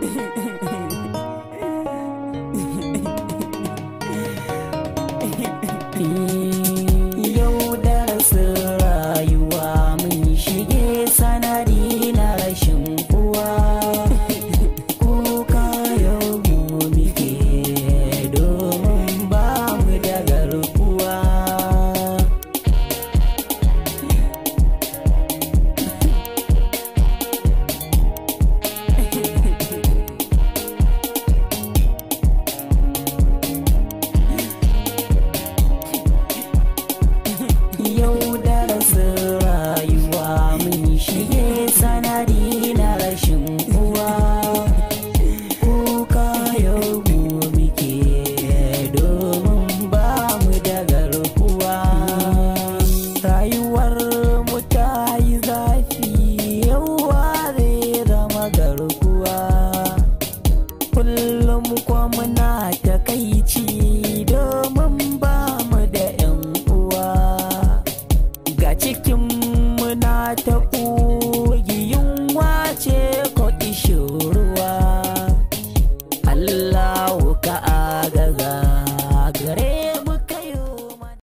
Yeah. ko muna takaici domin ba mu da 'yan uwa ga cikin muna ta